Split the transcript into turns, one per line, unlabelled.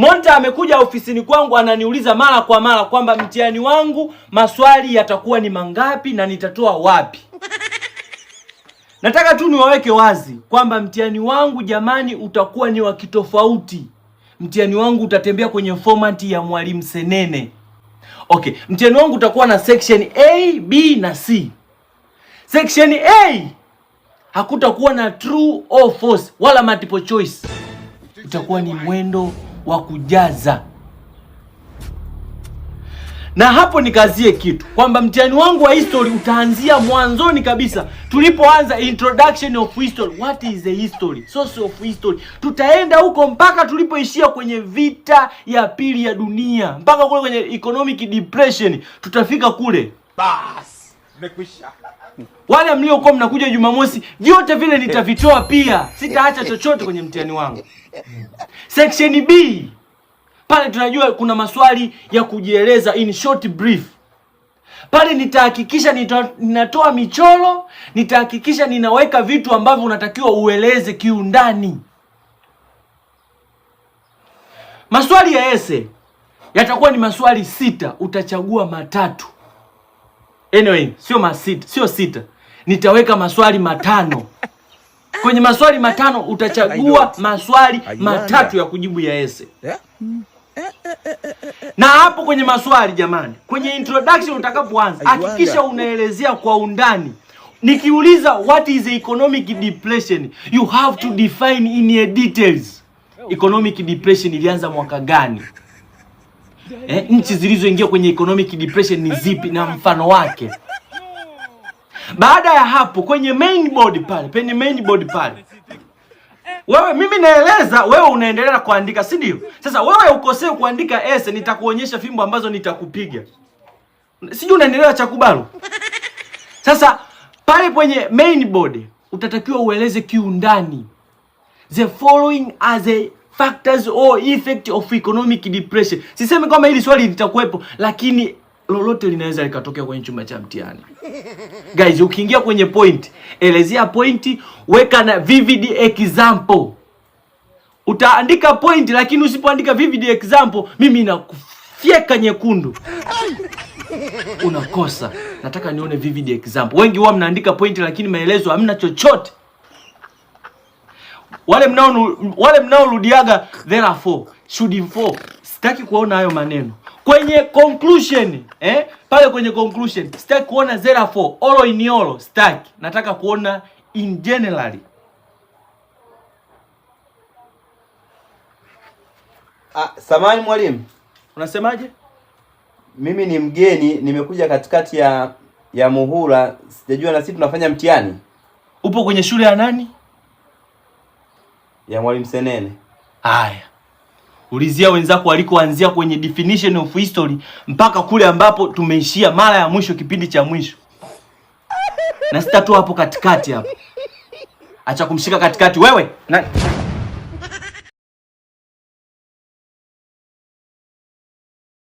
Monta amekuja ofisini kwangu ananiuliza mara kwa mara kwamba mtihani wangu maswali yatakuwa ni mangapi na nitatoa wapi. Nataka tu niwaweke wazi kwamba mtihani wangu jamani, utakuwa ni wa kitofauti. Mtihani wangu utatembea kwenye fomati ya Mwalimu Senene. Okay, mtihani wangu utakuwa na section A, B na C. Section A hakutakuwa na true or false wala multiple choice, utakuwa ni mwendo wa kujaza. Na hapo nikazie kitu kwamba mtihani wangu wa history utaanzia mwanzoni kabisa, tulipoanza introduction of history, what is the history, source of history. Tutaenda huko mpaka tulipoishia kwenye vita ya pili ya dunia, mpaka kule kwenye economic depression, tutafika kule
bas. Nimekwisha.
Wale mliokuwa mnakuja Jumamosi, vyote vile nitavitoa pia, sitaacha chochote kwenye mtihani wangu. Section B pale tunajua kuna maswali ya kujieleza in short brief. Pale nitahakikisha ninatoa michoro, nitahakikisha ninaweka vitu ambavyo unatakiwa ueleze kiundani. Maswali ya ese yatakuwa ni maswali sita, utachagua matatu. Anyway, sio masita, sio sita. Nitaweka maswali matano. Kwenye maswali matano utachagua maswali matatu ya kujibu ya ese. Eh? Na hapo kwenye maswali jamani, kwenye introduction utakapoanza hakikisha unaelezea kwa undani. Nikiuliza what is economic depression, you have to define in details. Economic depression ilianza mwaka gani? eh, nchi zilizoingia kwenye economic depression ni zipi na mfano wake. Baada ya hapo kwenye main board pale, penye main board pale wewe mimi naeleza, wewe unaendelea kuandika, si ndio? Sasa wewe ukosee kuandika s, nitakuonyesha fimbo ambazo nitakupiga. Sijui unaendelea cha kubalo. Sasa pale kwenye main board utatakiwa ueleze kiundani the following as a factors or effect of economic depression. Sisemi kwamba hili swali litakuwepo, lakini lolote linaweza likatokea kwenye chumba cha mtihani. Guys, ukiingia kwenye point, elezea point, weka na vivid example. Utaandika point, lakini usipoandika vivid example, mimi nakufyeka nyekundu. Unakosa. Nataka nione vivid example. Wengi wao mnaandika point, lakini maelezo hamna chochote wale mnao wale mnaorudiaga therefore should inform. sitaki kuona hayo maneno kwenye conclusion eh, pale kwenye conclusion sitaki kuona therefore in all, sitaki, nataka kuona in generally.
Ah, samani mwalimu, unasemaje? Mimi ni mgeni, nimekuja katikati ya ya muhula, sijajua na sisi tunafanya mtihani.
Upo kwenye shule ya nani?
ya Mwalimu Senene.
Haya, ulizia wenzako walikoanzia kwenye definition of history mpaka kule ambapo tumeishia mara ya mwisho, kipindi cha mwisho, na sitatua hapo katikati hapo. Acha kumshika katikati wewe nani?